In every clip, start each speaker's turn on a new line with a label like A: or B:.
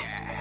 A: Yeah.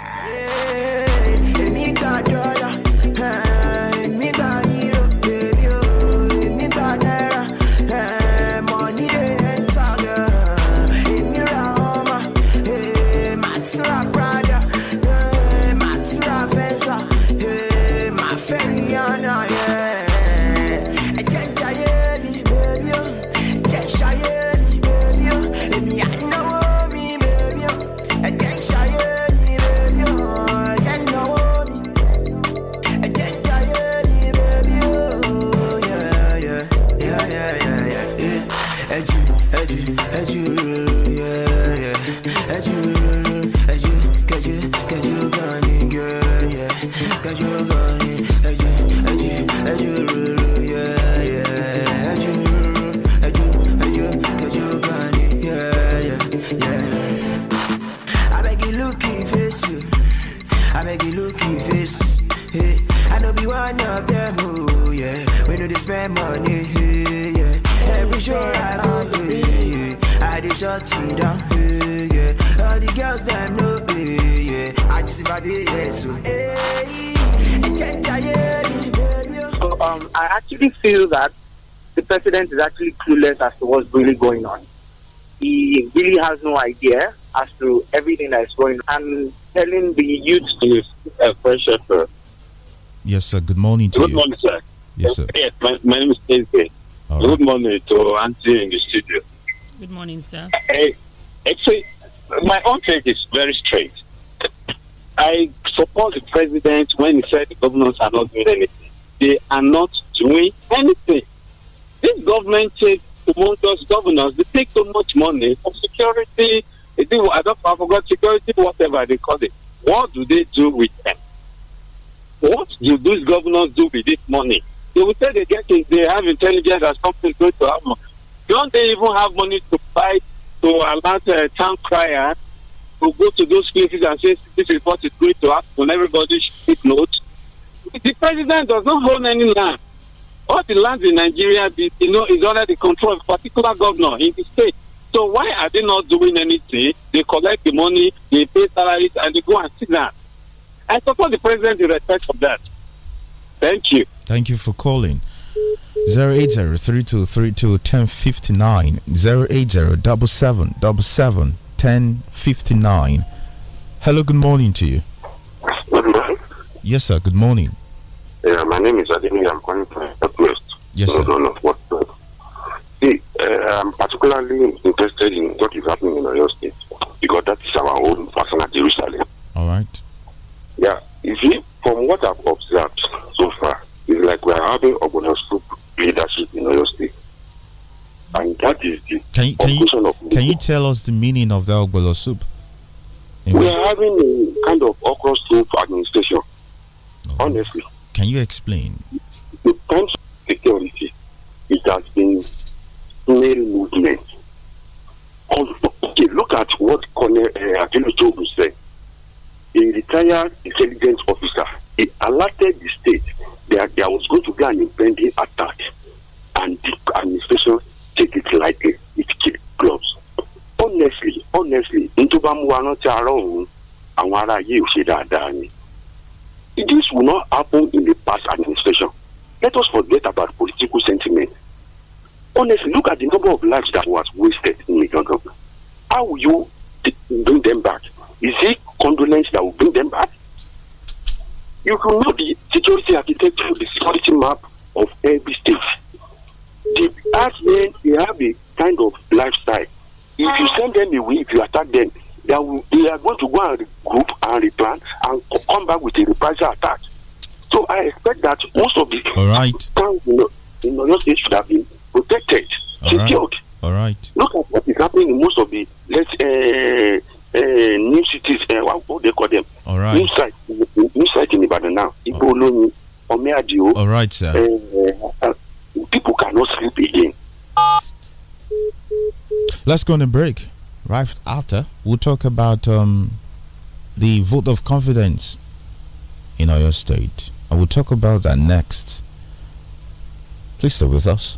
B: down, hey, eh, yeah. All the girls that know, hey, eh, yeah. I just eh, yeah, so, hey.
C: So, um, I actually feel that the president is actually clueless as to what's really going on. He really has no idea as to everything that is going on. And telling the youth to uh, pressure,
D: Yes, sir. Good morning to Good
C: you. Good morning, sir. Yes, sir. Yes, my, my name is David. Right. Good morning to Auntie in the studio.
E: Good morning, sir.
C: actually, my own take is very straight. I support the president when he said the governors are not doing anything. They are not doing anything. This government takes humongous governors. They take so much money for security. They do, I don't I forgot security, whatever they call it. What do they do with them? What do these governors do with this money? They will say they get they have intelligence that something going to happen. Don't they even have money to buy to allow uh, town crier to go to those places and say this is what is going to happen? Everybody should note. The president does not own any land. All the land in Nigeria, you know, is under the control of a particular governor in the state. So why are they not doing anything? They collect the money, they pay salaries, and they go and sit down. I support the president in respect of that. Thank you.
D: Thank you for calling. 80 1059 Hello, good morning to you. Good morning. Yes, sir, good morning.
C: Yeah, my name is Adini. I'm calling from Northwest. Yes, sir. no. what, See, uh, I'm particularly interested in what is happening in Oyo State because that's our own personal Jerusalem. All right. Yeah, you see, from what I've observed so far, is like we are having Ogunasoup leadership in Oyo State. And that is the can you, can you,
D: can you tell us the meaning of the Ogbolo soup? In
C: we are having a kind of okra soup administration, oh. honestly.
D: Can you explain?
C: The terms of security, it has been male movement. Okay, look at what Colonel uh, eh, Akilu Jobu said. A retired intelligence officer, he alerted the state there, there was going to be an impending attack, and the administration take it like a, it kid gloves. honestly honestly n tó bá mú wa rántí ara òun àwọn ará yìí ò ṣe dáadáa ni. this will not happen in the past administration let us forget about political sentiment honestly look at the number of lives that was wasted in Igangan how will you bring them back is it condolence that will bring them back you will know the security architecture, the security map of every state. The as men, they have a kind of lifestyle. If you send them away, if you attack them, they, will, they are going to go and regroup and replan and come back with a reprisal attack. So I expect that most of the all right towns in Oyo State should have been protected, secured. Right. All right. Look at what is happening in most of the let's uh, uh, new cities. Uh, what they call them? All right. New sites. All right, sir. Uh, people cannot sleep again.
D: Let's go on a break. Right after, we'll talk about um, the vote of confidence in Oyo State. I will talk about that next. Please stay with us.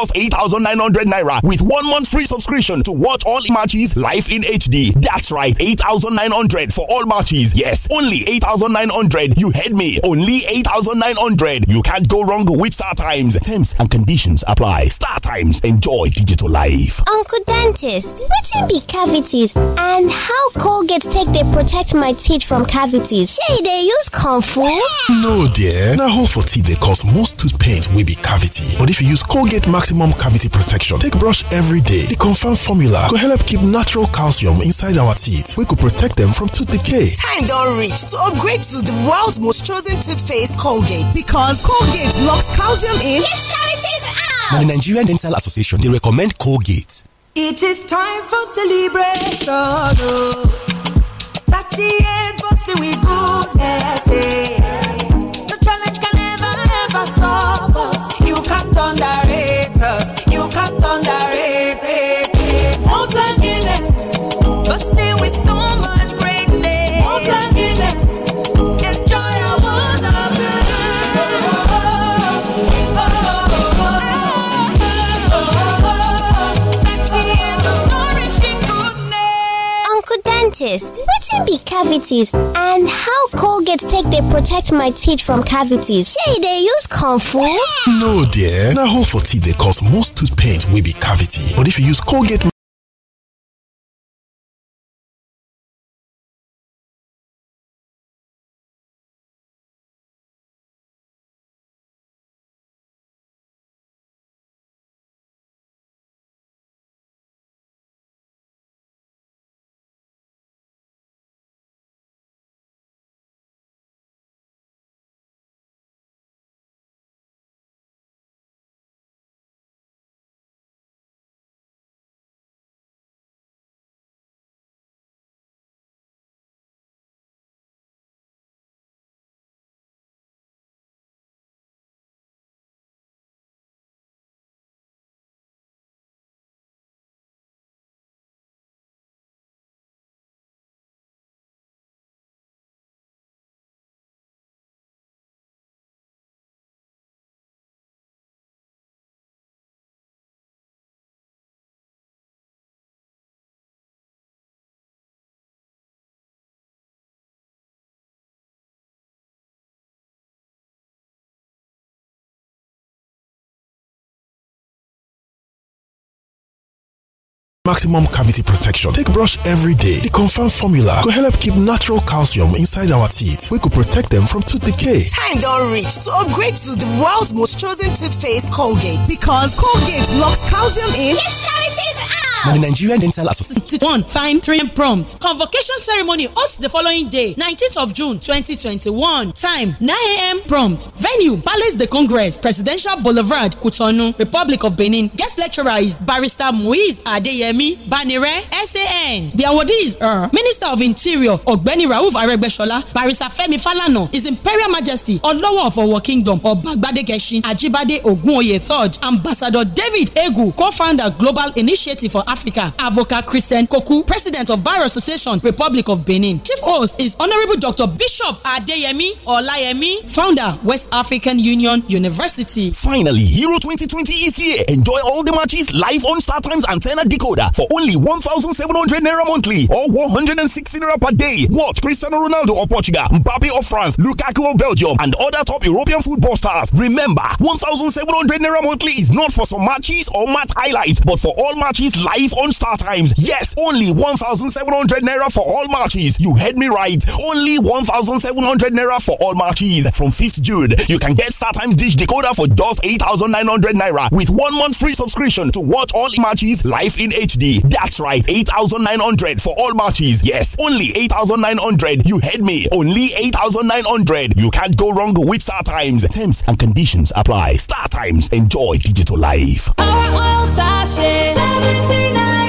F: just 8,900 naira with one month free subscription to watch all matches live in HD. That's right, 8,900 for all matches. Yes, only 8,900. You heard me. Only 8,900. You can't go wrong with Star Times. Terms and conditions apply. Star Times. Enjoy digital life.
G: Uncle Dentist, what be cavities and how Colgate take they protect my teeth from cavities? Say they use Kung Fu?
F: No, dear. Now, hole for teeth they cause most tooth pain will be cavity. But if you use Colgate Max maximum cavity protection. Take brush every day. The confirmed formula could help keep natural calcium inside our teeth. We could protect them from tooth decay.
B: Time don't reach to upgrade to the world's most
H: chosen toothpaste, Colgate. Because Colgate locks calcium in. Yes, cavities out! Now,
F: the Nigerian Dental Association, they recommend Colgate.
H: It is time for celebration. 30 years bustling with goodness. Eh. The challenge can never ever stop us. You can't turn that.
G: dentist can be cavities and how colgate take they protect my teeth from cavities shey they use comfort?
F: no dear Now, hole for teeth They cause most tooth pain will be cavity but if you use colgate
I: Maximum cavity protection. Take brush every day. The confirmed formula could help keep natural calcium inside our teeth. We could protect them from tooth
F: decay.
H: Time don't reach to upgrade to the world's most chosen toothpaste, Colgate. Because Colgate locks calcium in. cavities out! now. the
F: Nigerian Dental Association.
H: One, fine, three, prompt. Convocation ceremony host the following day, 19th of June, 2021. Time, 9 a.m. prompt. Venue, Palace de Congress, Presidential Boulevard, Cotonou, Republic of Benin. Guest lecturer is Barrister Muiz Adeyemi Banire, SAN. The awardees are Minister of Interior, Ogbeni Rauf Aregbesola, Barrister Femi Falano, His Imperial Majesty, Olowo of Our Kingdom, Obagbade Keshin, Ajibade Ogunoye III, Ambassador David Egu, co-founder Global Initiative for Africa, Avoca Christian Koku, President of Bar Association, Republic of Benin. Chief host is Honorable Dr. Bishop Adeyemi Olayemi, founder, West African Union University. Finally, Hero 2020 is here.
F: Enjoy all the matches live on Star Times Antenna Decoder for only 1,700 Naira monthly or 160 Naira per day. Watch Cristiano Ronaldo of Portugal, Mbappe of France, Lukaku of Belgium, and other top European football stars. Remember, 1,700 Naira monthly is not for some matches or match highlights, but for all matches live on Star Times. Yes, only 1,700 naira for all matches. You heard me right. Only 1,700 naira for all matches. From 5th June, you can get Star Times Dish Decoder for just 8,900 naira with one month free subscription to watch all matches live in HD. That's right, 8,900 for all matches. Yes, only 8,900. You heard me. Only 8,900. You can't go wrong with Star Times. Terms and conditions apply. Star Times. Enjoy digital life.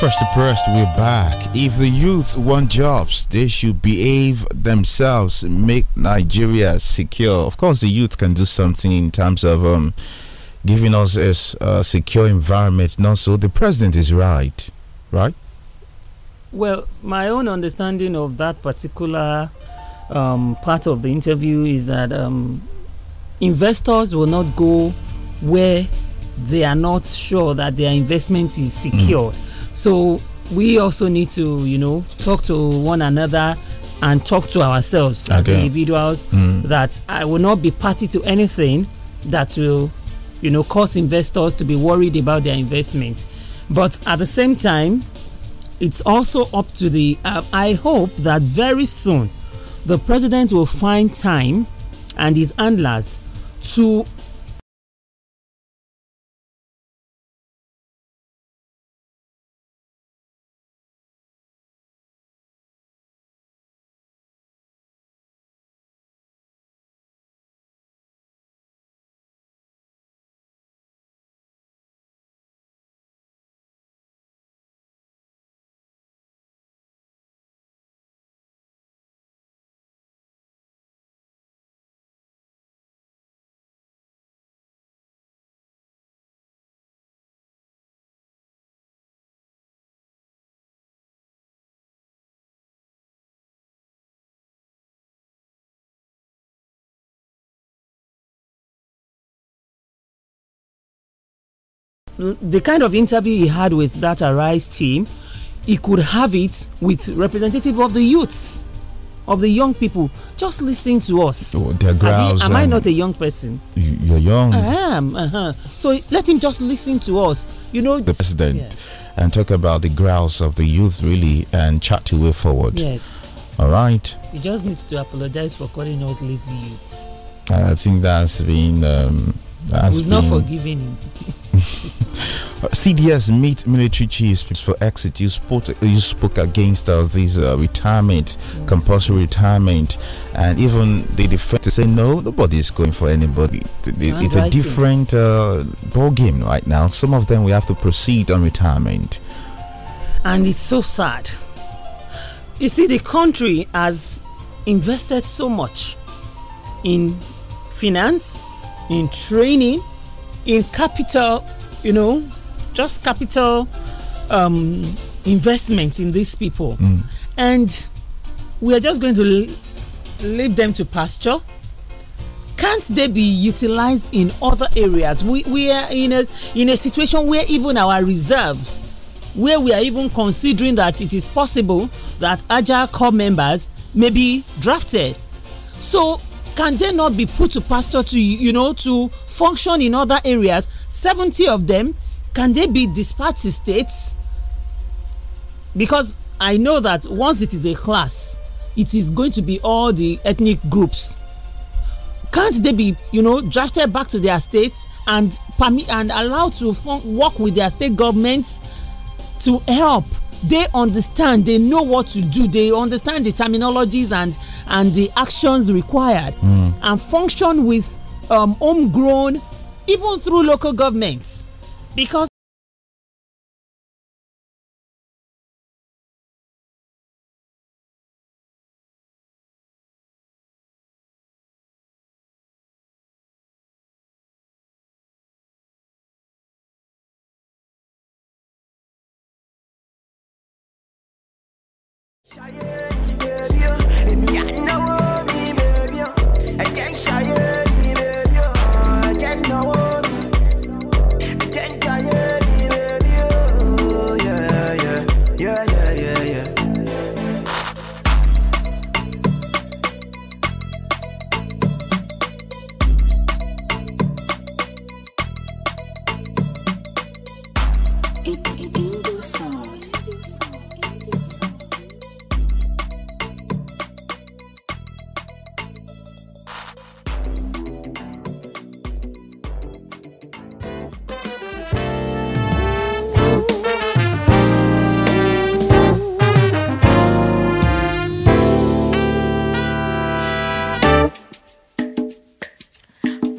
D: Fresh Depressed, we're back. If the youth want jobs, they should behave themselves, make Nigeria secure. Of course, the youth can do something in terms of um, giving us a secure environment. Not so. The president is right, right?
E: Well, my own understanding of that particular um, part of the interview is that um, investors will not go where they are not sure that their investment is mm. secure. Mm. So we also need to, you know, talk to one another and talk to ourselves okay. as individuals mm. that I will not be party to anything that will, you know, cause investors to be worried about their investment. But at the same time, it's also up to the. Uh, I hope that very soon the president will find time and his handlers to
A: the kind of
E: interview he had with that Arise team, he could have it with representative of the youths, of the young people, just listen to us. Oh,
D: growls, am, am I um, not
E: a young person?
D: You're young.
E: I am. Uh -huh. So let him just listen to us. You know, the president, yeah.
D: and talk about the growls of the youth, really, yes. and chart the way forward. Yes. All right.
E: He just needs to apologize for calling us lazy youths.
D: I think that's been. Um, that's We've been not
E: forgiven him.
D: CDS meet military chiefs for exit. You spoke, you spoke against uh, this uh, retirement, yes. compulsory retirement, and even the defense say no, nobody is going for anybody. it's a different uh, ball game right now. Some of them we have to proceed on retirement,
E: and it's so sad. You see, the country has invested so much in finance, in training, in capital you know, just capital um, investment in these people. Mm. And we are just going to leave them to pasture. Can't they be utilized in other areas? We, we are in a, in a situation where even our reserve, where we are even considering that it is possible that agile core members may be drafted. So, can they not be put to pasture to, you know, to function in other areas 70 of them can they be to states because i know that once it is a class it is going to be all the ethnic groups can't they be you know drafted back to their states and permit and allowed to work with their state governments to help they understand they know what to do they understand the terminologies and and the actions required mm. and function with um, homegrown, even through local governments. Because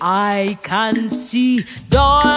H: I can see the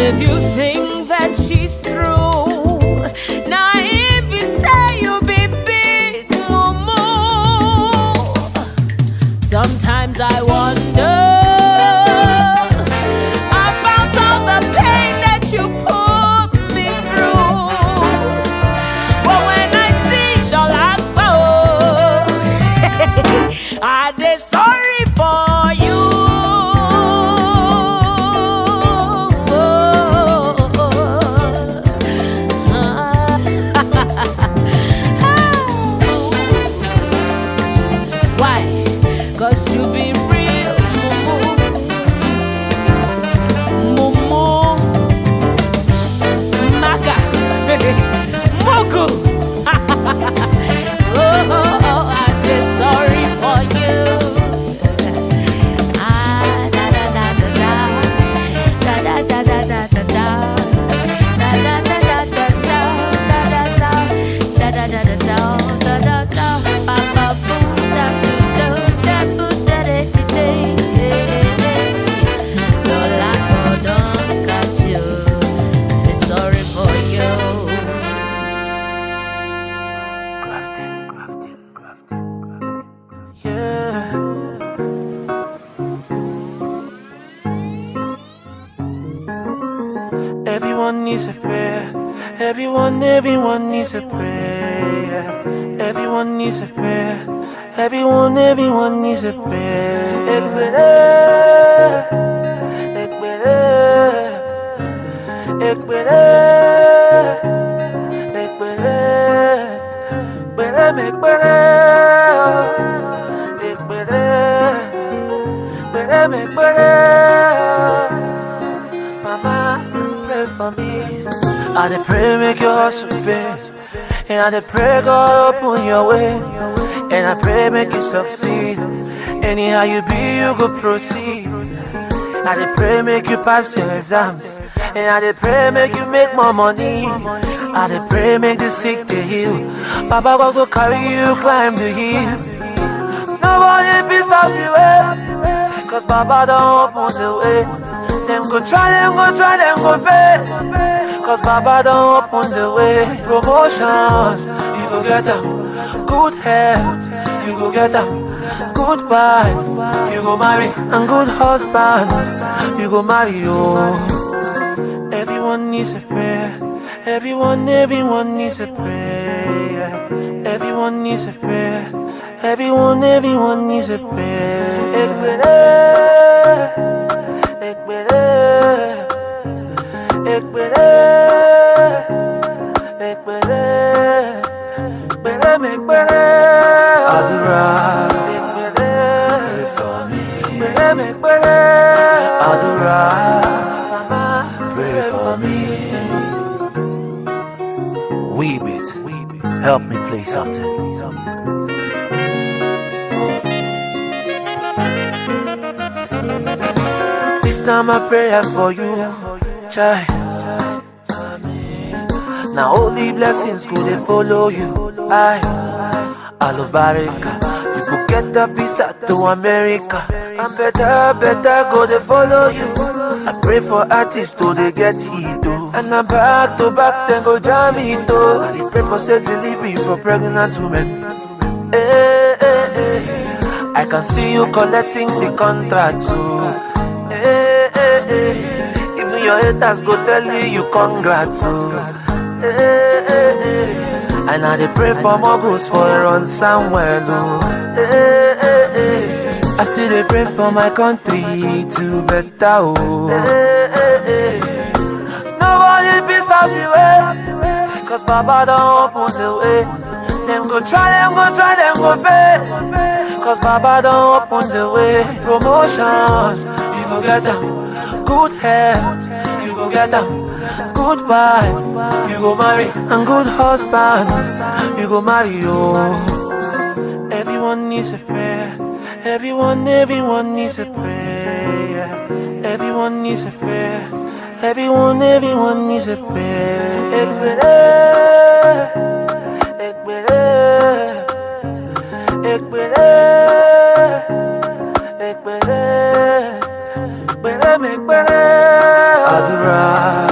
H: if you think
B: te pee. Ik ben er, ik ben er,
J: Mama, pray for me.
B: I dey pray make your heart so and I pray God fi succeed. Anyhow you be, you go proceed. I dey pray make you pass your exams, and I dey pray make you make more money. I dey pray make the sick to heal. Baba God go carry you climb the hill. Nobody fi stop you,
J: eh?
B: cause Baba don't open the way. Them go try, them go try, them go fail. Cause Baba don't open the way. Promotion, you go get them. Good health you go get a good wife, you go marry a good husband, you go marry you. Oh. Everyone needs a prayer, everyone, everyone needs a prayer, everyone needs a prayer, everyone, everyone needs a prayer. Ekbele, ekbele, ekbele, Adura, pray for me. Adura, pray for me. Weeb it. Help me play something. This now my prayer for you, child. Now only blessings could follow you. I love You People get a visa to America. I'm better, better go to follow you. I pray for artists to they get hit too. Oh. And I'm back to back, then go jam it too. Oh. I pray for safe delivery for pregnant women. Hey, eh, eh, hey, eh. hey. I can see you collecting the contract too. Oh. Hey, hey, hey. Even your haters go tell you, you congrats too. Hey. And I dey pray for more goals for run somewhere low. I still dey pray for my country to better. Oh. Nobody fit stop you, way, cause Baba don't open the way. Them go try, them go try, them go fail. Cause Baba don't open the way. Promotion, you go get them. Good health, you go get them good wife, you go marry, and good husband, you go marry. Oh, everyone needs a prayer. Everyone, everyone needs a prayer. Everyone needs a prayer. Everyone, everyone needs a prayer. Ekbele, ekbele, ekbele, ekbele, ekbele, ekbele, Adura.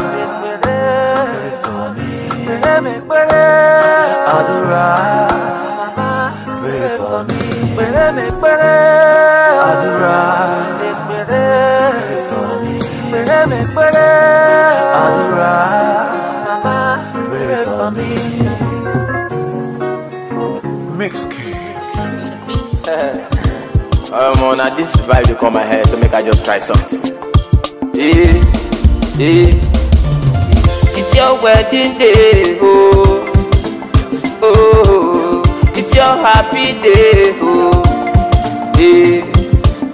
B: Adora, pray for me. Pray, me pray. adora Adora, pray. Pray for me. Pray, me pray. adora pray for me. Mix
G: Um, oh, now this vibe you come my head, so make I just try something. Eh, eh. your wedding day, oh, oh, it's your happy day, oh, eh,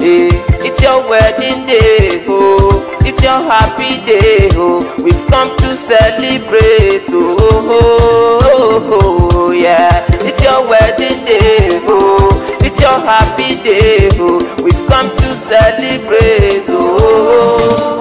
G: eh, it's your wedding day, oh, it's your happy day, oh, we've come to celebrate, oh, oh, oh, oh yeah, it's your wedding day, oh, it's your happy day, oh, we've come to celebrate, oh.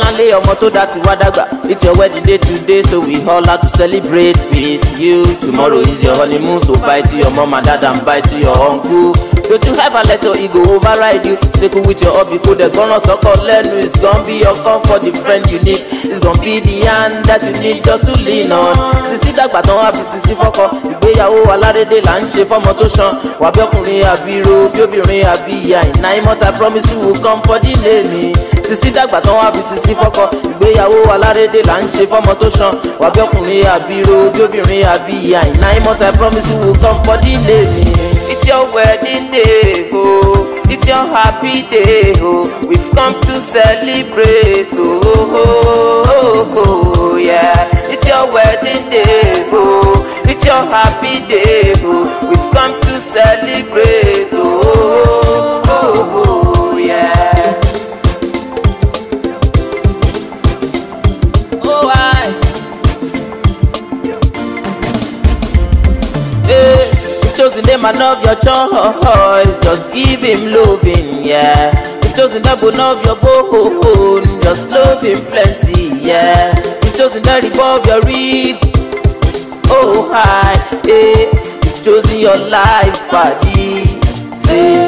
G: Ọláńlé ọmọ tó dá ti wá dàgbà. It's your wedding day today so we all out to celebrate with you. Tomorrow is your honeymoon so bye to your mama, dad and bye to your uncle. Go to let your ego override you. Circle with your hobby, kó dẹ̀ gbọ́nà sọ́kọ̀ lẹ́nu. It's gonna be your comfort, the friend you need. It's gonna be the hand that you need just to lean on. Sisi dàgbà tán wá fi sisi fọ́kọ. Ìgbéyàwó aládédé là ń ṣe fọ́mọ tó ṣan. Wà bí ọkùnrin àbí ro, bí obìnrin àbí ìyá. Ìnáyìmọ́ta promise you will come for the lady. Sisi dàgbà tán wá fi sisi sí fọ́kọ ìgbéyàwó alárédè là ń ṣe fọ́mọ tó ṣan wàbíọkùnrin àbíró ojóbìnrin àbí àìná ìmọ̀ta i promise we will come body lè mi. it's your wedding day o oh. it's your happy day o oh. we've come to celebrate o oh, oh, oh, oh, yeah. it's your wedding day o oh. it's your happy day o oh. we've come to
B: celebrate o. Oh, oh, oh.
G: chose the name and love your choice, just give him loving, yeah. He chose that double of your bone, just love him plenty, yeah. He chose the rib of your rib, oh hi, hey. Eh. He chose your life, buddy. see,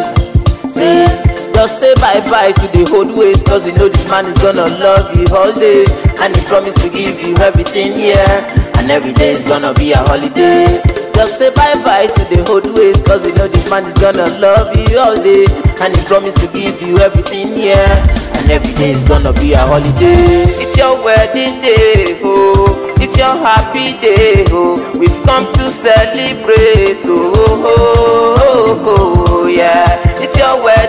G: see. just say bye bye to the old ways, cause you know this man is gonna love you all day. And he promised to give you everything, yeah. And every day is gonna be a holiday. Just say bye bye to the old ways, cause you know this man is gonna love you all day. And he promised to give you everything, yeah. And every day is gonna be a holiday. It's your wedding day, oh. It's your happy day, oh. We've come to celebrate, oh, oh, oh, oh yeah. It's your wedding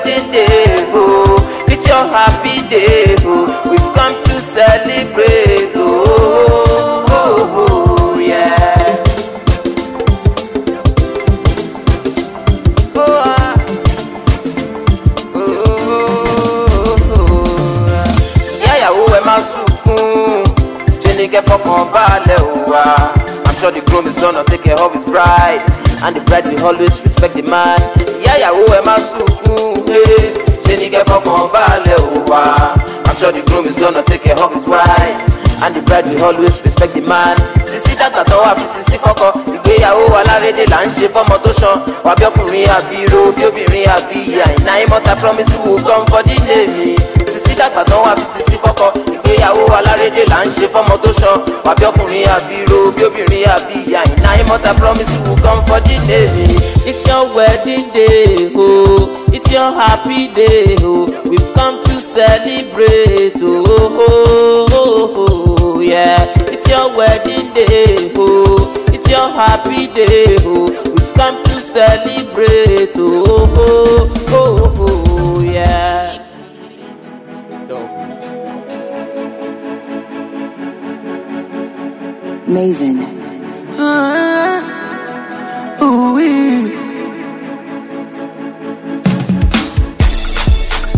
G: and the bride will always respect the man. ìyá ìyàwó ẹ má sunkún eh. ṣé ní kẹ́ fọkàn balẹ̀ òwà i'm sure the groom is gonna take care of his wife and the bride will always respect the man. sisi dàgbà tó wà fún sisi kọ́kọ́ ìgbéyàwó alárédè là ń ṣe fọ́mọ tó ṣan wà bí ọkùnrin àbí ro bí obìnrin àbí ìyá ìnáyìmọ́ta promise will come for the day mi. sisi dàgbà tó wà fún sisi kọ́kọ́ ìgbéyàwó alárédè là ń ṣe fọmọ tó sọ àbí ọkùnrin àbí ro bí obìnrin àbí ìyá iná ìmọ̀ta promise you come for the mi. it's your wedding day o oh. it's your happy day o oh. we've come to celebrate o oh, oh, oh, oh, yeah. it's your wedding day o oh. it's your happy day o oh. we've come to celebrate o oh, oh, oh, oh.
H: Maven.
J: Uh,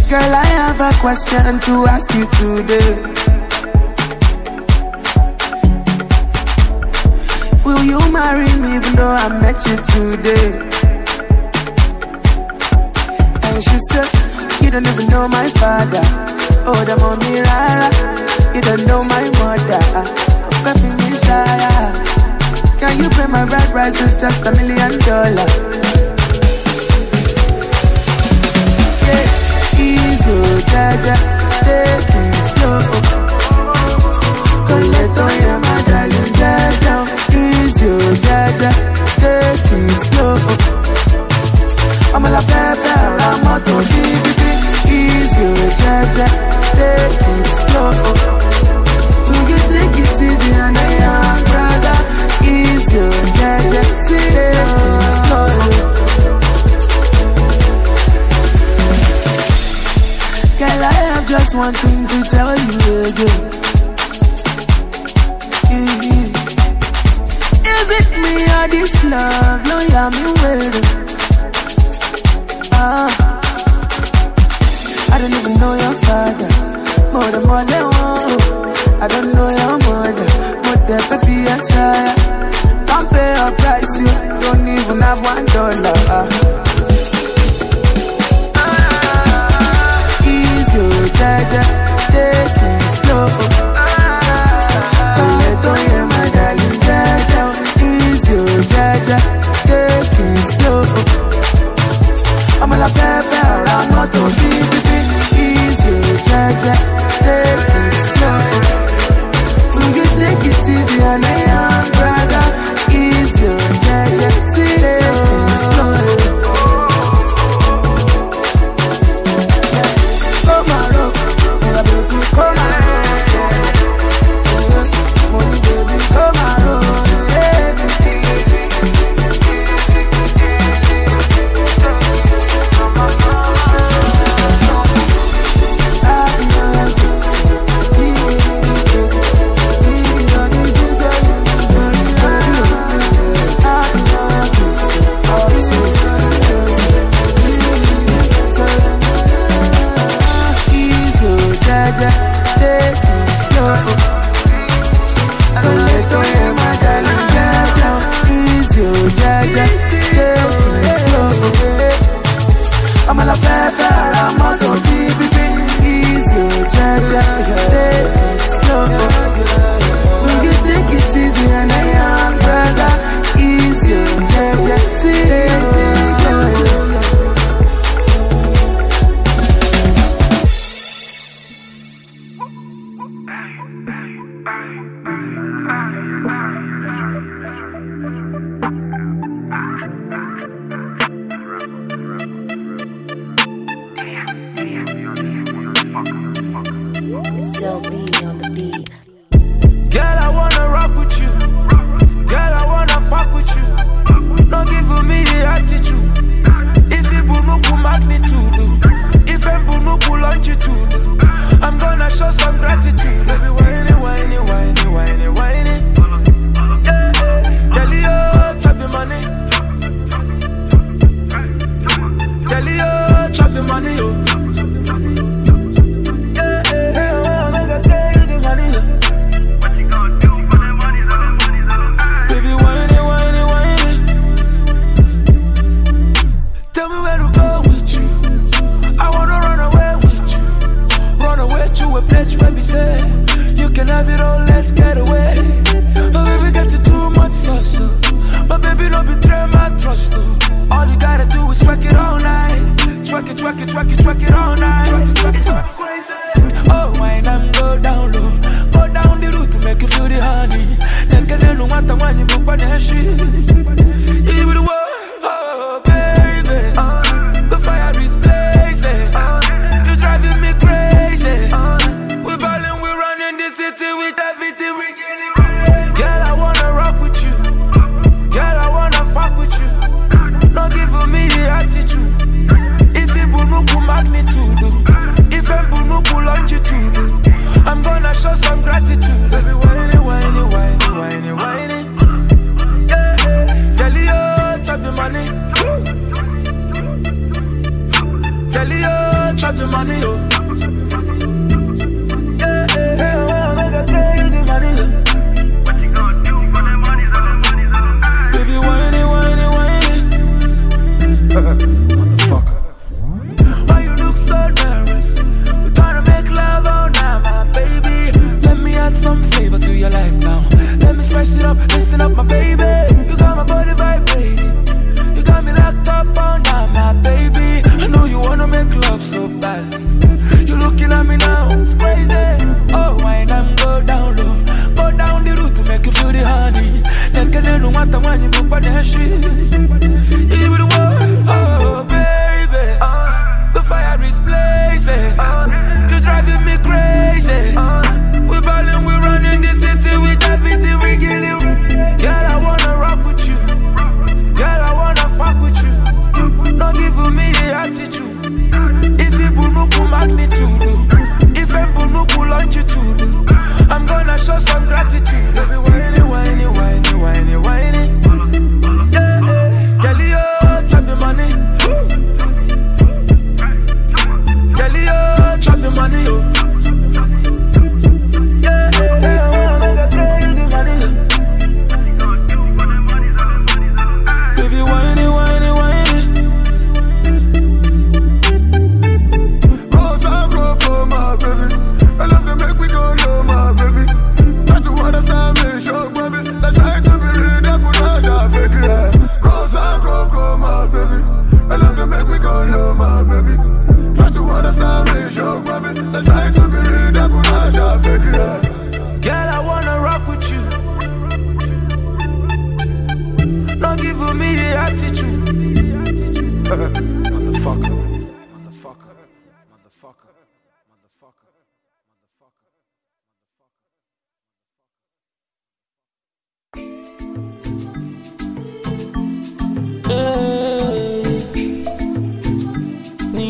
B: Girl, I have a question to ask you today. Will you marry me even though I met you today? And she said, You don't even know my father. Oh, the mommy, Rara. You don't know my mother coffee desire. Can you pay my red rice? It's just a million dollars.
J: Yeah, easy, jaja, take it slow. Coleto, yeah, my darling, jaja,
B: easy, jaja, take it slow. I'm a la fefe, I'm a to easy, jaja, take it slow. Girl, I have just one thing to tell you again. Is it me or this love? No, yeah, me waiting. Ah. I don't even know your father. More than more than one. I don't know your mother. More than baby, I pay a price, you don't even have one dollar. Ah, easy, jaja, take it slow. Don't my darling, easy, take it slow. I'm gonna fẹ́ fẹ́ ra easy,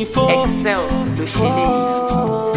H: Excel de chez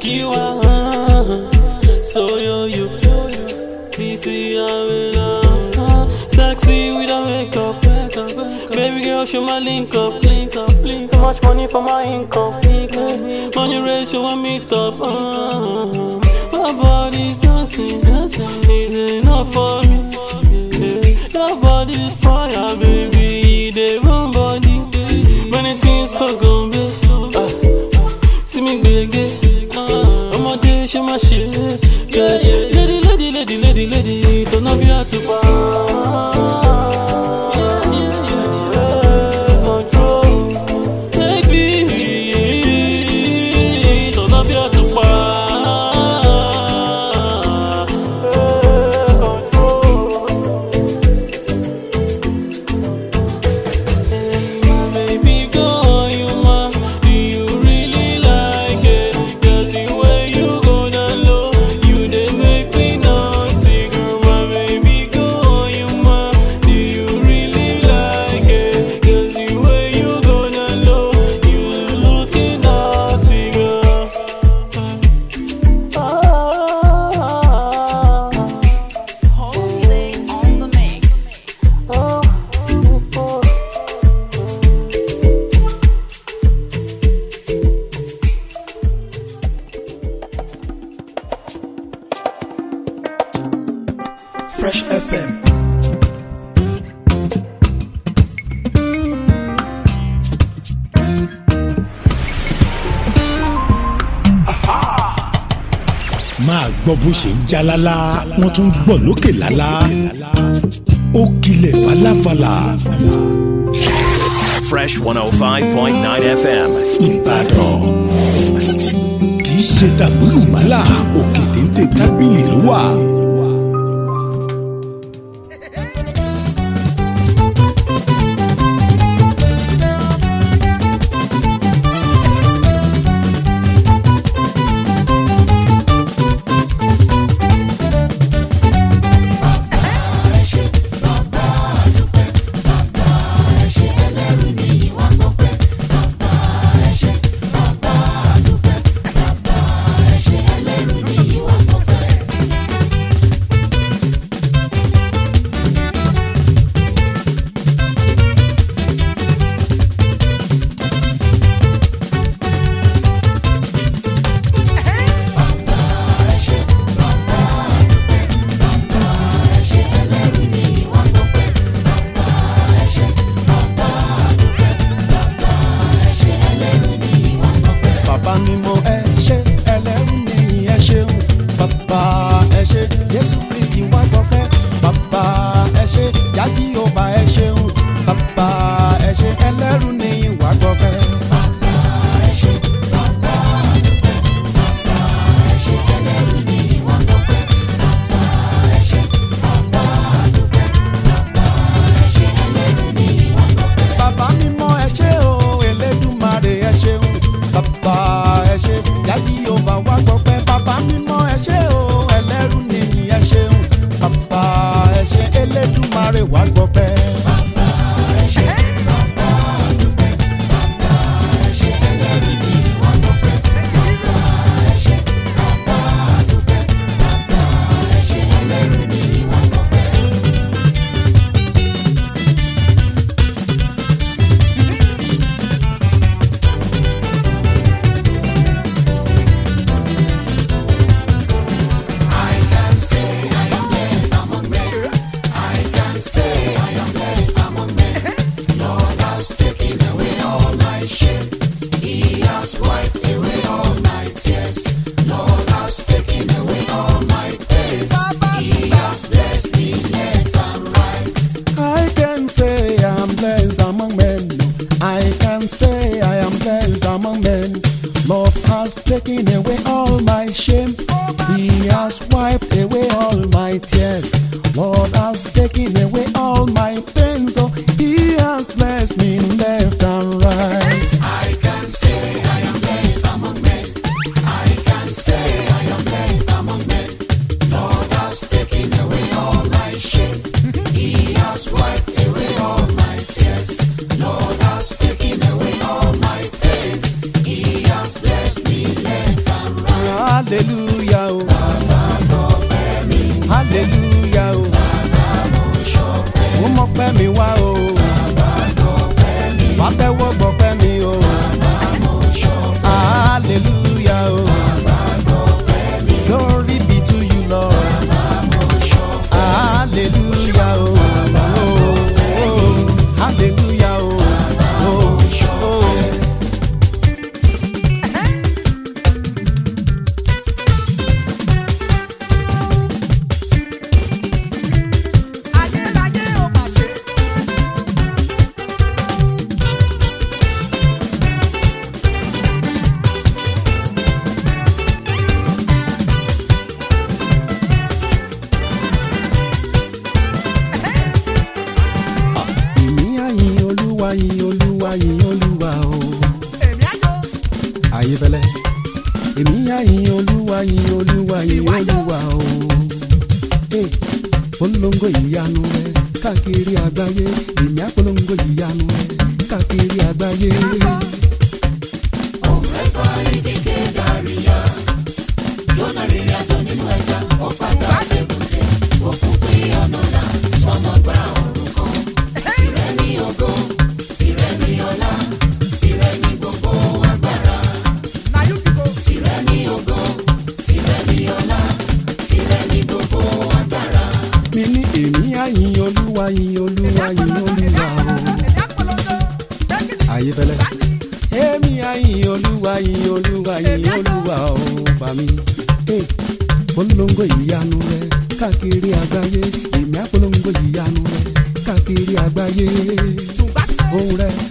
B: ukiwa soyo you sisi amina sexy we don't a up. baby girl show my link up link up so much money for my income money ratio I meet up uh, my body's dancing dancing is enough for me yeah. your body's fire baby they one body many things for gonna be ṣe má ṣe. Lady lady lady lady lady tó náà to àtùpà.
F: jalala wọ́n tún gbọ́ lókè lálá ó
K: kilẹ̀ falafala.
F: Fresh one oh five point nine FM. Ìbàdàn
K: kì í ṣe tàbúlù mọ́lá òkè
F: téńté tábìlì ló wà
K: olúwa yìn olúwa yìn olúwa o ayé fẹlẹ èmi àyìn olúwa yìn olúwa yìn olúwa o bá mi polongo ìyanu rẹ káàkiri àgbáyé èmi àpolongo ìyanu rẹ
B: káàkiri àgbáyé ohun
J: rẹ.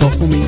I: sọ fún mi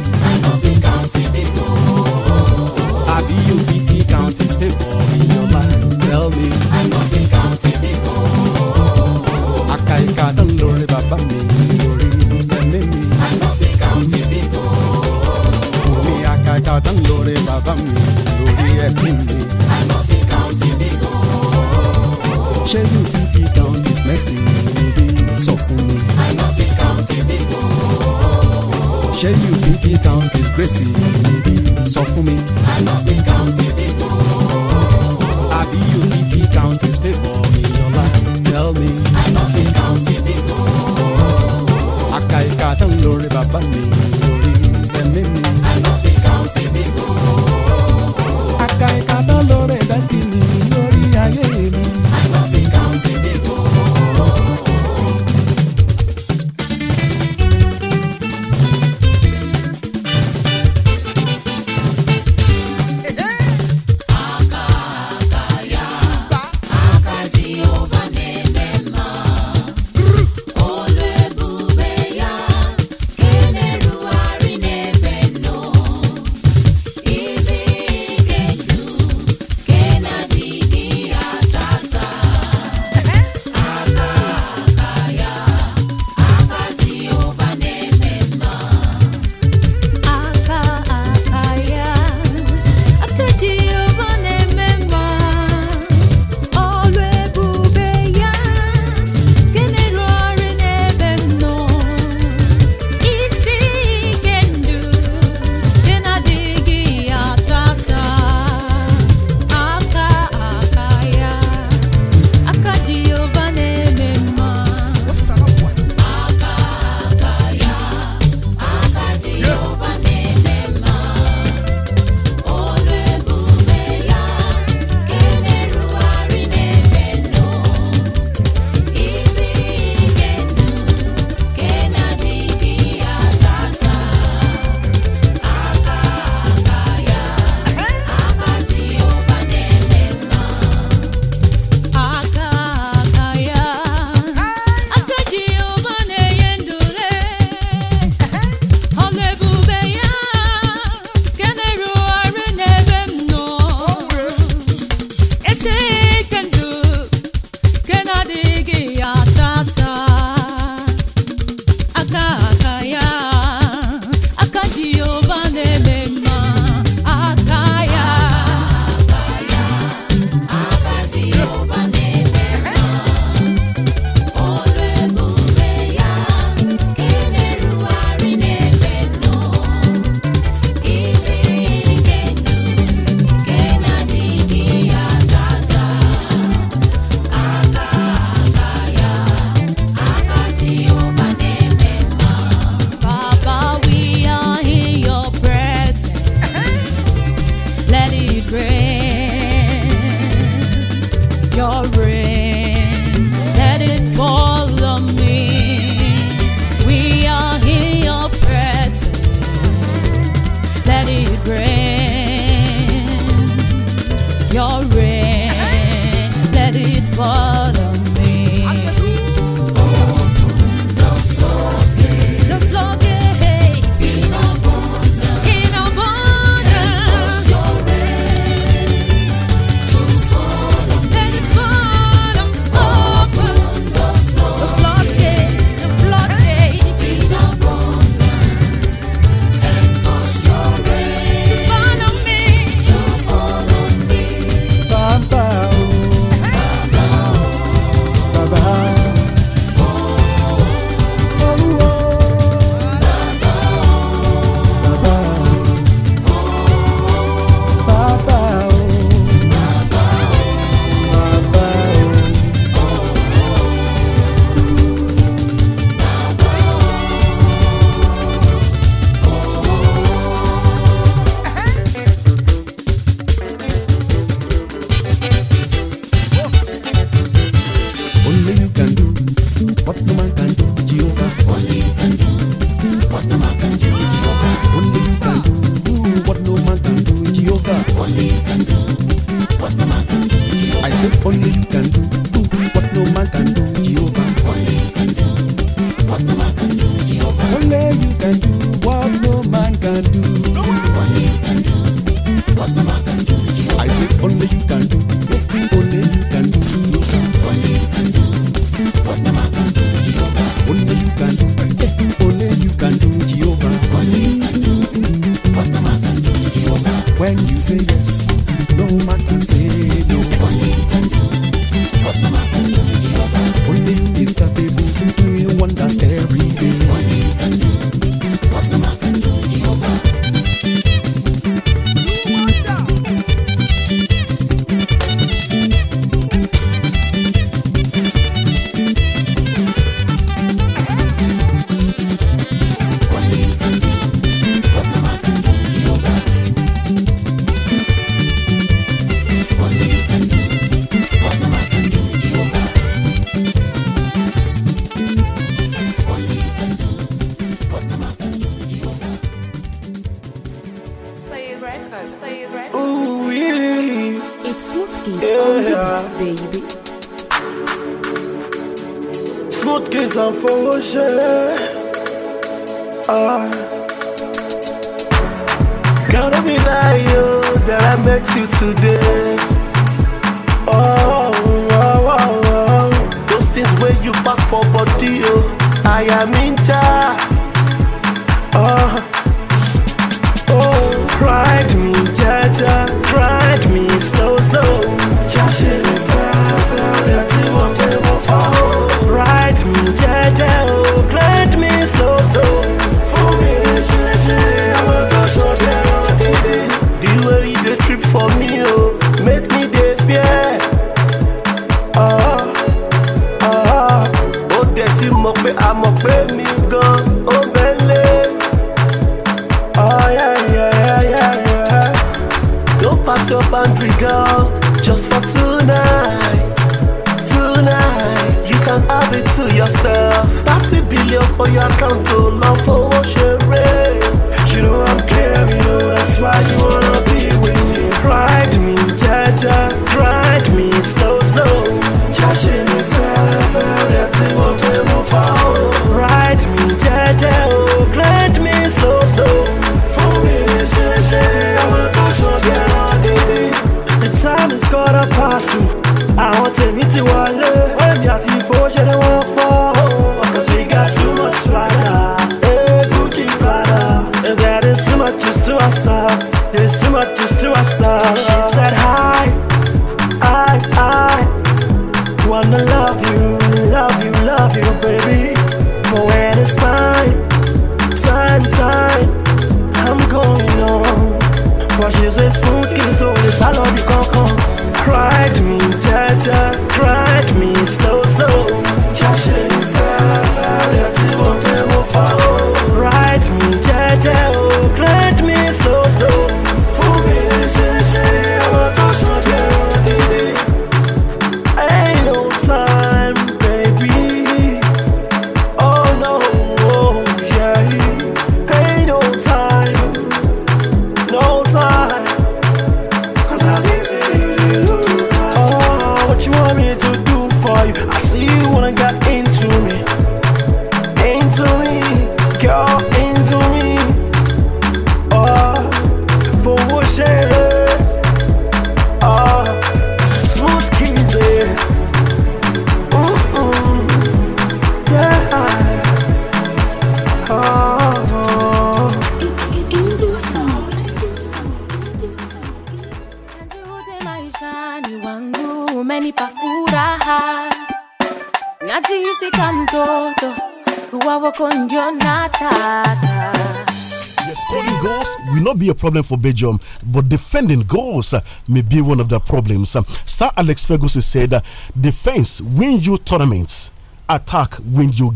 I: problem for Belgium, but defending goals uh, may be one of the problems. Um, Sir Alex Ferguson said, uh, "Defense wins you tournaments, attack wins you."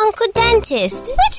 G: Uncle dentist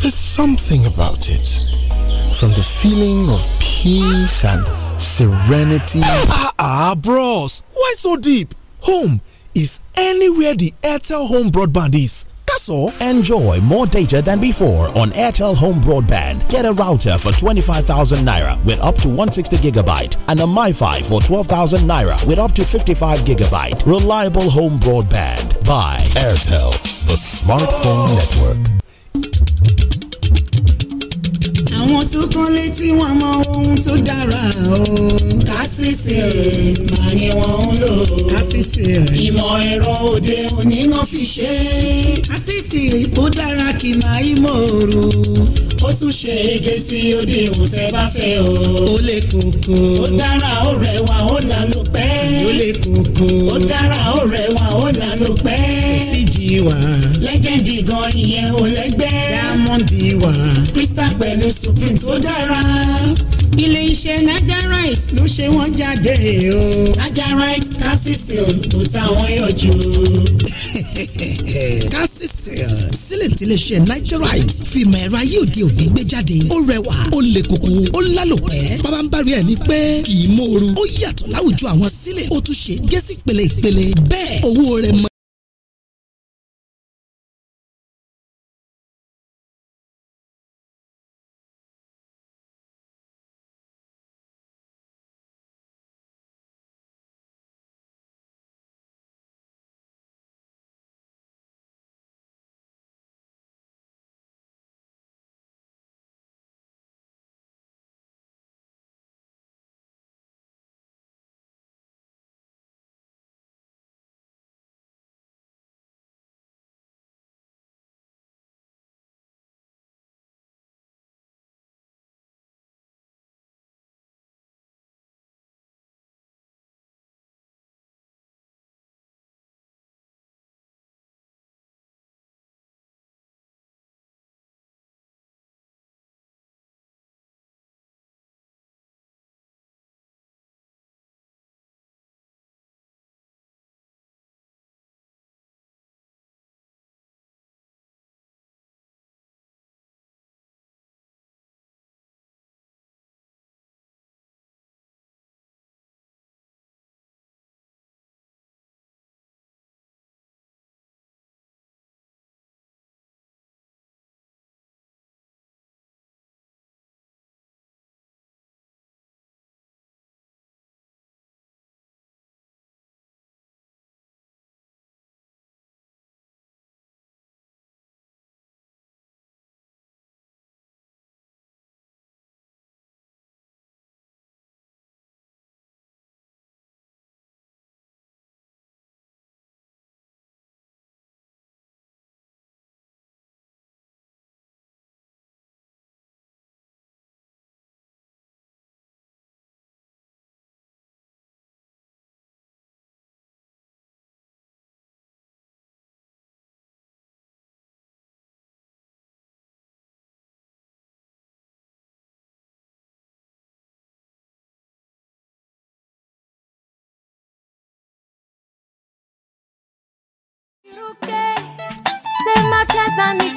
F: there's something about it. From the feeling of peace and serenity. Ah, ah, bros. Why so deep? Home is anywhere the Airtel home broadband is. That's all. Enjoy more data than before on Airtel Home Broadband. Get a router for 25,000 naira with up to 160 gigabyte and a MiFi for 12,000 naira with up to 55 gigabyte. Reliable home broadband by Airtel, the smartphone network.
B: àwọn tó kán létí wọn mọ ohun tó dára o. kásìsì máa ni wọ́n ń lò. kásìsì ìmọ̀ ẹ̀rọ òde òní náà fi ṣe é. kásìsì ó dára kì máa í mòrò. ó tún ṣe ege sí òde òun tẹ́ bá fẹ́ o. ó lè kókó. ó dára ó rẹwà ó là ó lè kókó. ó dára ó rẹwà ó là bí wà. lẹ́gẹ̀dì gan ìyẹn ò lẹ́gbẹ́. diamond bí wà. crystal pẹ̀lú
H: supreme tó dára. ilé iṣẹ́ nigerite ló ṣe wọ́n jáde o. nigerite calcicil kò táwọn yọ jù.
K: calcicil sílẹ̀ tílé ṣe nigerite fìmọ̀ ẹ̀rọ ayé òde òní gbé jáde ó rẹwà ó le koko ó lálòpẹ́ bàbá ń bá rí ẹ̀ ní pẹ́ kì í mòoru ó yàtọ̀ láwùjọ àwọn sílẹ̀ ó tún ṣe gẹ́sì pèlè ìpèlè bẹ́ẹ̀ owó rẹ̀ mọ
L: Say my class, I need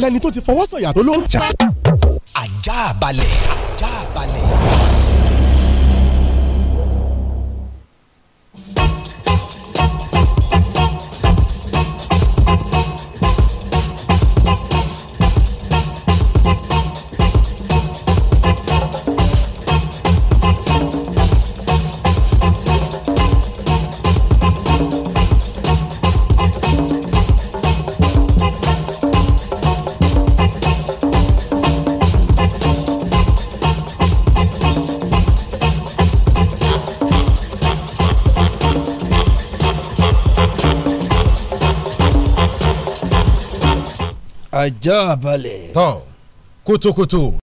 F: ta lẹni tó ti fọwọ́ sọ̀yà tó ló ń jà.
I: ajá balẹ̀ ajá balẹ̀.
K: ajá balẹ̀. tán kótókótó.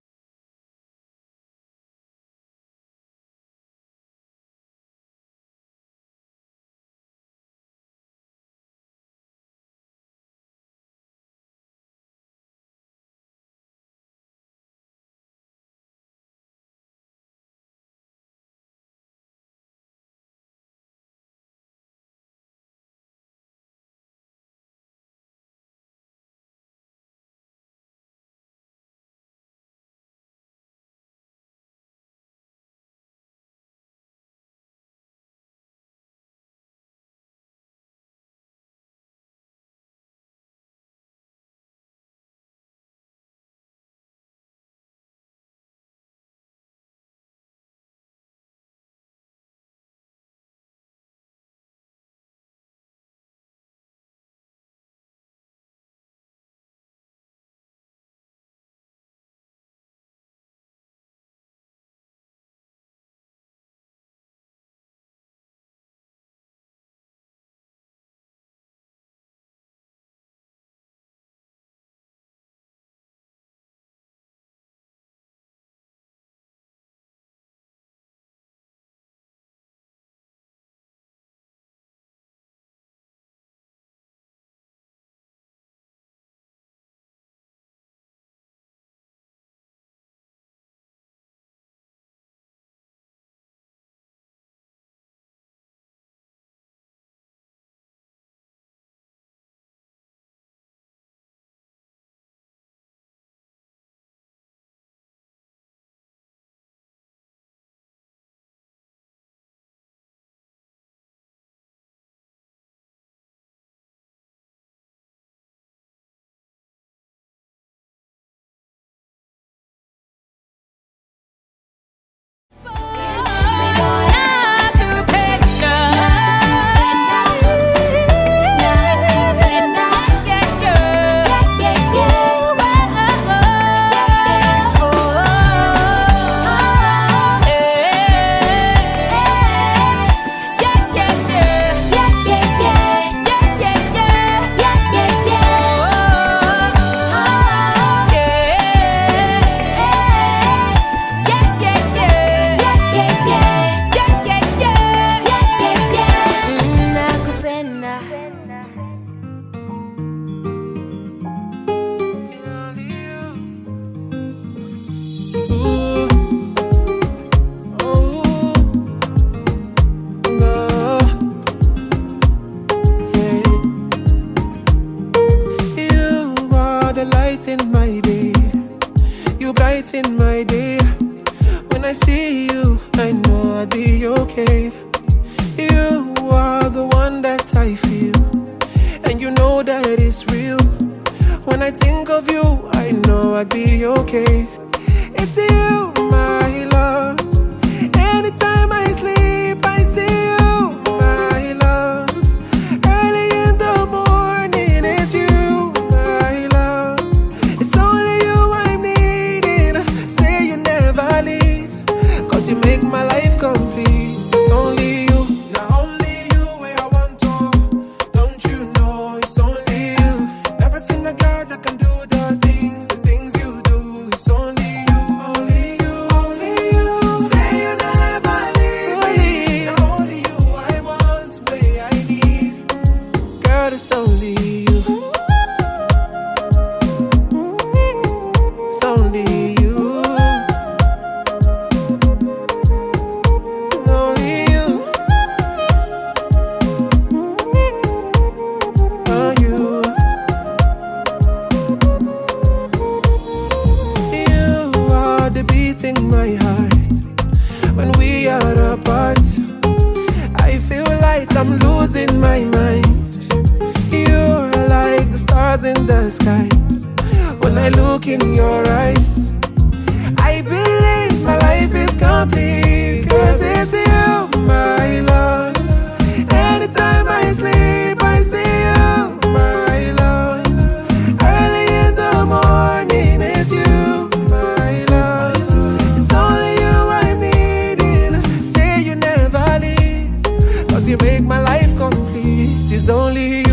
B: you make my life complete. It's only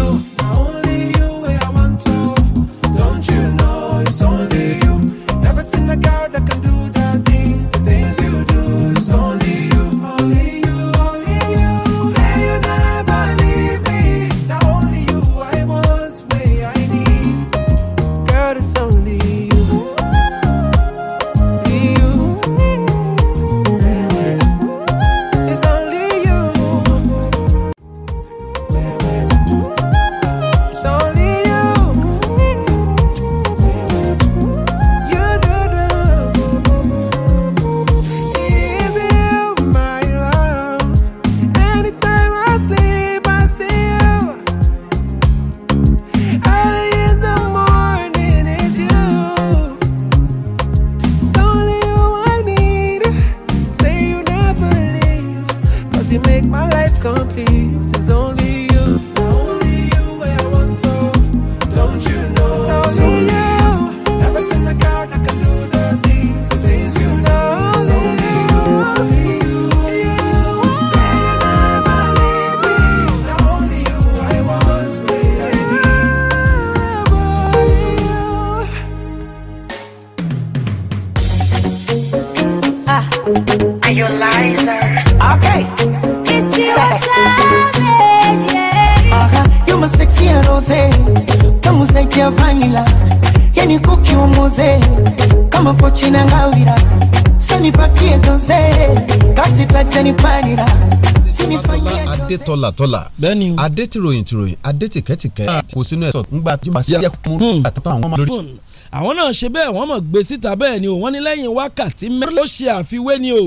I: tọ́làtọ́là bẹ́ẹ̀ni o adétìròyìn tìròyìn adétìkẹ́tìkẹ́ ah. kò sínú ẹ̀sọ́ ńgbà tó máa sí ẹ̀kún hmm. àtàtàn àwọn ọmọ lórí. Hmm.
K: àwọn náà ṣe bẹ́ẹ̀ wọ́n mọ̀ gbé síta bẹ́ẹ̀ ni o wọ́n ní lẹ́yìn wákàtí mẹ́rin ló ṣe àfiwé ni o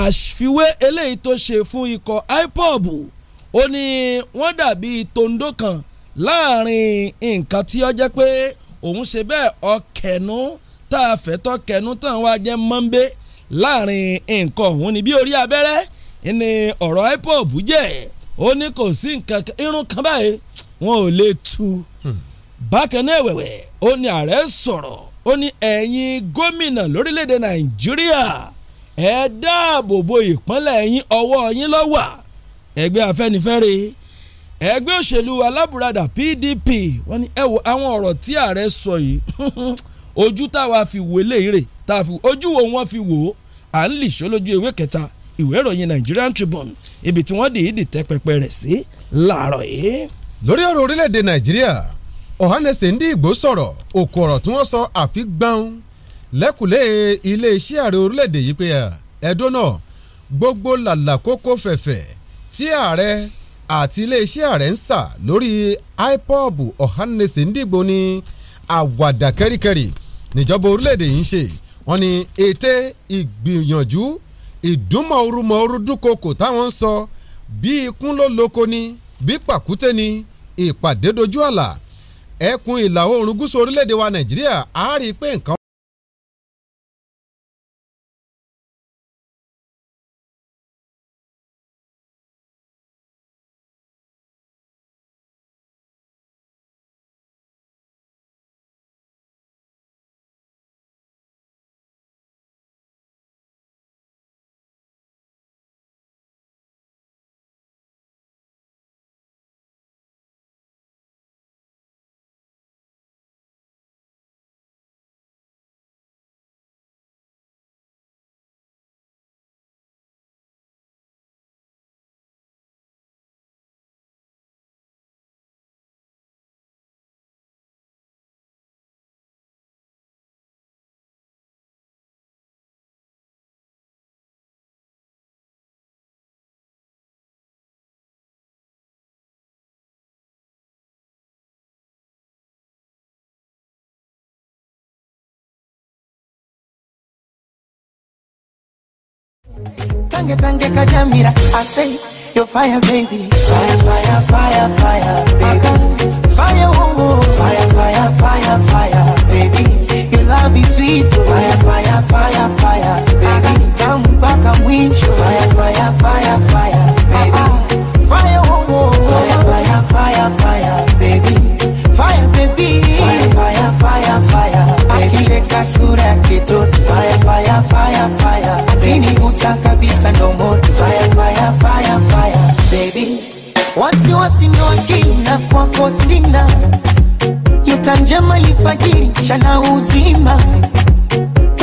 K: àfiwé eléyìí tó ṣe fún ikọ̀ IPOB ó ní wọ́n dàbí tòǹdó kan láàrin nǹkan tí ó jẹ́ pé òun ṣe bẹ́ẹ̀ ọkẹ̀nu tá a fẹ́ tọ́ kẹ̀nu tán wá jẹ́ mọ́ńbé láàrin nǹkan ọ̀rọ̀ IPOB jẹ́ ó ní kò sí nǹkan irun kan báyìí wọn ò lè tu hmm. bákan náà ẹ̀wẹ̀wẹ̀ ó ní ààrẹ sọ̀rọ̀ ó ní ẹ̀yin gómìnà lórílẹ̀‐èdè nàìjíríà ẹ dáàbò bo ìpínlẹ̀ yín ọwọ́ yín ló wà ẹgbẹ́ afẹ́nifẹ́re ẹgbẹ́ òṣèlú alábùradà pdp wọ́n ní ẹ wo àwọn ọ̀rọ̀ tí ààrẹ sọ yìí ojú táwa fi wò eléyìí rè ojú wo wọn fi wò ó à ń lìṣó lójú ewé kẹta ìwé ìròyìn Nigerian Tribune ibi tí wọ́n dìídì tẹ́ pẹpẹ rẹ̀ sí láàárọ̀ yìí. lórí ọ̀rọ̀ orílẹ̀-èdè nàìjíríà ọ̀hánẹsẹ̀ ń dí ìgbó sọ̀rọ̀ òkú ọ̀rọ̀
I: tí wọ́n sọ àfi gbọ́n lẹ́kùlé iléeṣẹ́ ààrẹ orílẹ̀-èdè yìí pé ẹ̀dọ́ náà gbogbo làlàkókò fẹ̀fẹ̀ tí ààrẹ àti iléeṣẹ́ ààrẹ ń sà lórí ipob ọ̀hánẹsẹ̀ ń dìgbò ní àwàdà kẹ́ríkẹ́rí níjọba orílẹ̀-èdè yìí ń ṣe wọ́n ní ète ìgbìyànjú ìdúnmọ̀ọ́rùmọ̀ọ́rù dúnkokò táwọn ń sọ bí ikún ló loko ni bí pàkúté ni ìpàdé dojú àlà ẹkùn ìlà oòrùn gúúsù orílẹ̀-èdè wa nàìjíríà á rí i pé nǹkan
A: Tange tange kajamira I say you're fire baby Fire fire
B: fire fire baby Fire oh, oh. Fire fire fire fire baby Your love is sweet Fire fire fire fire baby Tamu mpaka mwisho Fire fire fire fire baby Fire oh, oh. Fire fire fire fire baby Fire baby Fire fire fire fire baby Akicheka sura kitoto Fire fire fire fire umenigusa kabisa, no more fire, fire, fire, fire, baby. Wasiwasi ni wakina kwako sina, yuta njema alifajiri chana uzima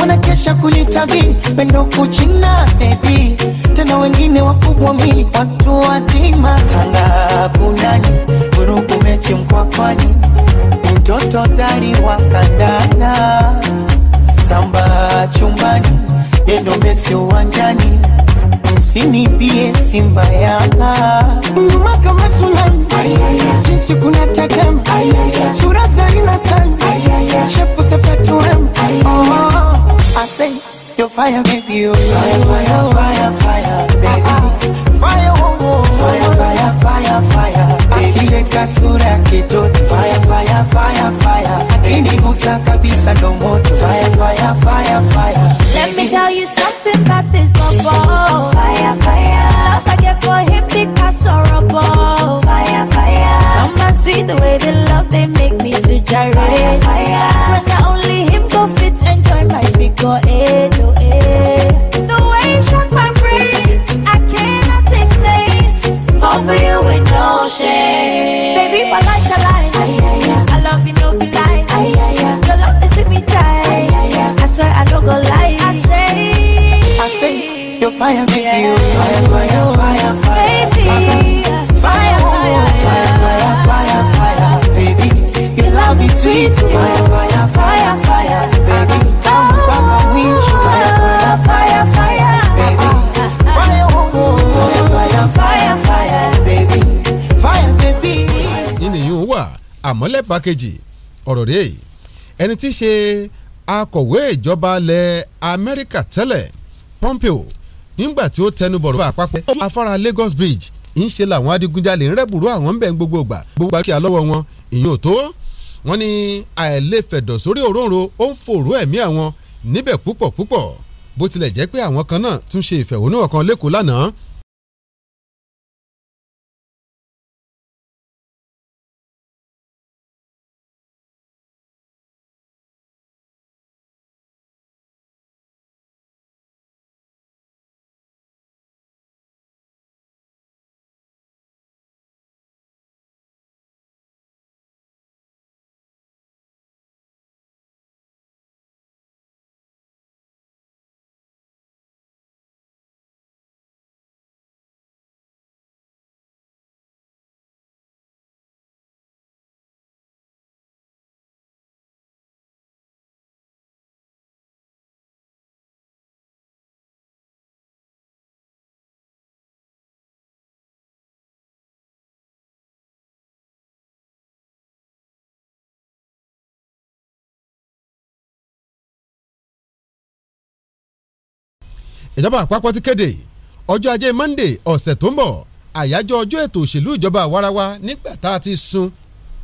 B: wanakesha kulitabiri pendo kuchina baby tena wengine wakubwa mili watu wazima tanga kunani vurugu mechi mkwakwani mtoto dari wakandana samba chumbani yeye ndo Messi uwanjani, usinipie Simba Yanga, nyuma kama tsunami, jinsi kuna tatema, sura za Rina San, shepu sepatu wema, oh, I say you're fire baby, you're oh. fire, fire, fire, fire baby, ah, ah. fire, oh, oh. fire, fire, fire, fire Nje kasura ya kitoto fire, fire, fire, fire. Akini Musa kabisa ndo moto fire, fire,
L: fire, fire. Let me tell you something about this bobo. Fire, fire. Love I get for him because horrible. Fire, fire. Come and see the way they love, they make me to gyrate. Fire, fire. So not only him go fit, enjoy my figure eight, oh eight. The way he shock my brain, I cannot explain. Fall for you with no shame.
B: Your fire make you fire, fire, fire, fire, baby. Fire, fire, fire, fire, fire, baby. Your love is sweet. Fire, fire, fire, fire, baby. Come back and wish. Fire, fire, fire, fire, baby.
I: Fire, fire, fire, fire, fire, baby. Fire, oh, oh. baby. Yìnyín wà àmọ́ lẹ́pàá kejì ọ̀rọ̀ rèé ẹni tí í ṣe akọ̀wé ìjọba ilẹ̀ Amẹ́ríkà tẹ́lẹ̀ Pompeo nígbà tí ó tẹnu àpapọ̀ ojú afárá Lagos Bridge ń ṣe làwọn adigunjalè ń rẹ́bùrú àwọn ń bẹ̀ ń gbogbo ìgbà gbogbo àkíyà lọ́wọ́ wọn ìyẹn ò tó wọn ni àìlèfẹ̀dọ̀ sórí òróǹro ó ń fòrò ẹ̀mí àwọn níbẹ̀ púpọ̀ púpọ̀ bó tilẹ̀ jẹ́ pé àwọn kan náà tún ṣe ìfẹ̀hónúhàn kan lẹ́kọ̀ọ́ lánàá ìjọba àpapọ̀ ti kéde ọjọ́ ajé monde ọ̀sẹ̀ tó ń bọ̀ àyájọ́ ọjọ́ ètò òṣèlú ìjọba àwarawa nígbà tá a ti sun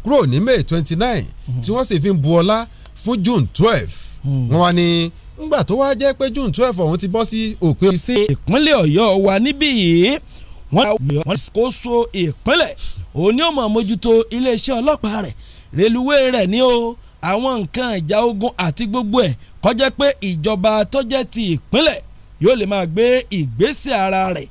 I: kúrò ní may twenty nine mhm. tí wọ́n sì fi ń bu ọlá fún june twelve mhm. wọ́n wá ní ngbà tó wá jẹ́ pé june twelve ọ̀hún ti bọ́ sí òpin sí.
K: ìpínlẹ̀ ọ̀yọ́ wa níbí yìí wọ́n ti kó so ìpínlẹ̀ òun ni mọ̀ mójútó iléeṣẹ́ ọlọ́pàá rẹ̀ reluwé rẹ̀ ní o àwọn nǹkan ìjà ogun àti gbogbo ẹ̀ kọjá pé ìjọba tó ti ìpínlẹ̀ yóò lè máa gbé
A: ìgbésẹ̀ ara rẹ̀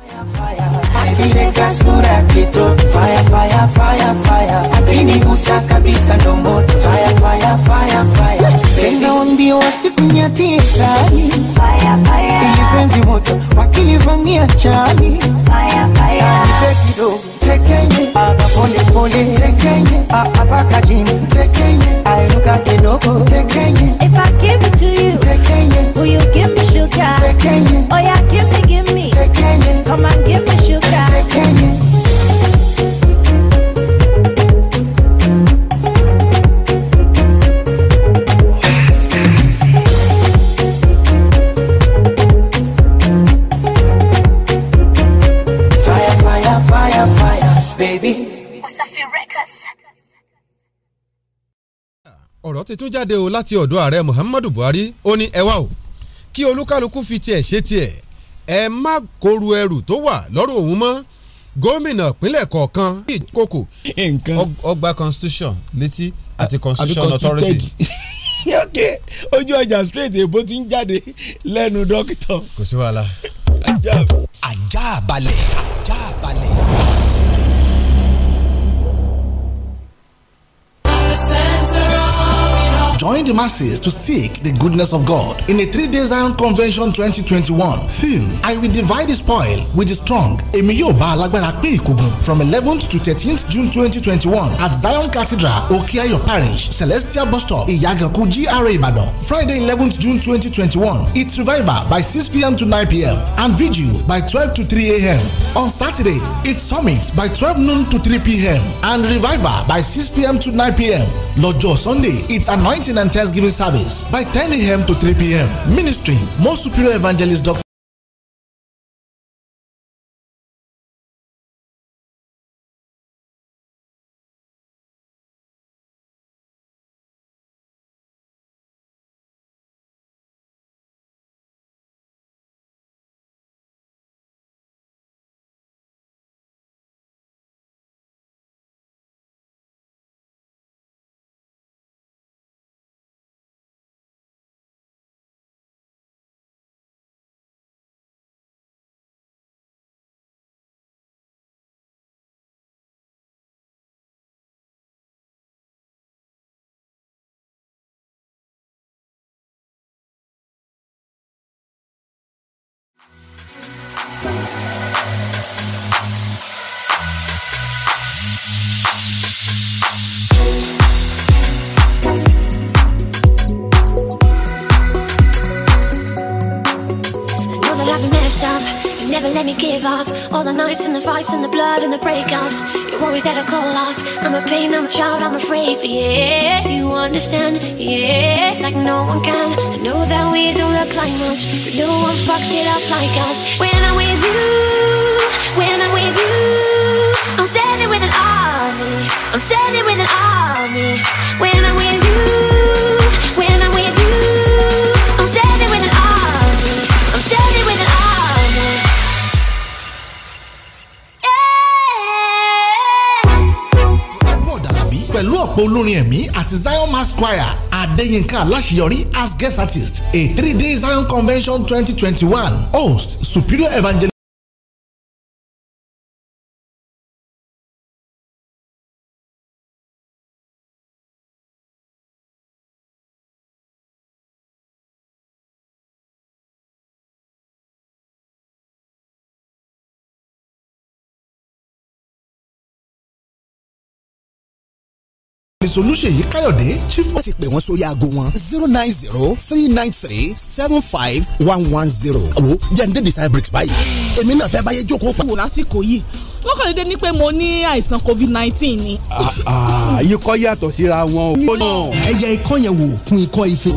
A: Akicheka sura kito fire
B: fire kabisa ndo moto fire fire tena wambio wasikunyatie ilipenzi moto wakilivamia chali sanipe kidogo tekenye aga tekenye apaka tekenye ainuka kidogo tekenye ifa
I: jáde o láti ọ̀dọ̀ ààrẹ Muhammadu Buhari ó ní ẹ wá o kí olúkálukú fi tiẹ̀ ṣe tiẹ̀ ẹ má koru ẹrù tó wà lọ́rùn òun mọ́ gómìnà ìpínlẹ̀ kọ̀ọ̀kan kókò
K: ọgbà constitution létí
I: àti constitution authority
K: ok ojú ọjà straight èbó ti ń jáde lẹ́nu dókítà. kò sí wàhálà. ajá balẹ̀ ajá balẹ̀.
I: join the masses to seek the goodness of God in a three-day Zion Convention 2021 theme I will divide the spoil with the strong From 11th to 13th June 2021 at Zion Cathedral Okeayo Parish Celestial Bus Stop Iyaganku GRA Ibadan Friday 11th June 2021 it revival by 6pm to 9pm and vigil by 12 to 3am on Saturday it summit by 12 noon to 3pm and revival by 6pm to 9pm Lord Joe Sunday it's anointing and thanksgiving service by 10 a.m. to 3 p.m. Ministry, Most Superior Evangelist Dr.
L: me give up. All the nights and the fights and the blood and the breakups. You're always there to call up. I'm a pain, I'm a child, I'm afraid. But yeah, you understand, yeah, like no one can. I know that we don't apply much, but no one fucks it up like us. When I'm with you, when I'm with you, I'm standing with an army. I'm
J: standing with an army. When I'm with you.
I: àpapọ̀ olórin ẹ̀mí àti zion mass choir adéyínká aláṣeyọrí as guest artist a three day zion convention twenty twenty one host superior evangelist ọ́fíìsì olúṣèyí káyọ̀dé chief. wọ́n ti pè wọ́n sórí aago wọn zero nine zero three nine three seven five one one zero. àwo jẹ́ndé design bricks báyìí èmi náà
F: fẹ́ báyé jókòó pa. wò lásìkò yìí
E: wọ́n kàn dédé ní pé mo ní àìsàn covid nineteen ni.
F: Ah, ah, ikọ́ yàtọ̀ síra wọn o. ẹ̀yà ikọ́ yẹn wò fún ikọ́ ife.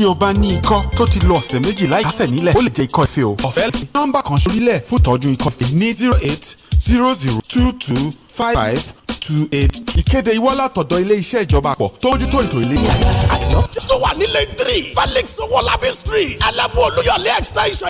I: tí o bá ní ikọ́ tó ti lo ọ̀sẹ̀ méjì láì kásẹ̀ nílẹ̀ ó lè jẹ́ ikọ́ ife o ọ̀fẹ́ nọ́mbà kan ṣorí lẹ̀ fún ìtọ́jú ikọ́ ife ní zero eight zero zero two two five five two eight ìkéde ìwọ́lá tọ̀dọ̀ ilé iṣẹ́ ìjọba àpọ̀ tójú tó ètò ilé. àyọ̀
F: tó wà nílé three Felix Owolabi street Alabu extension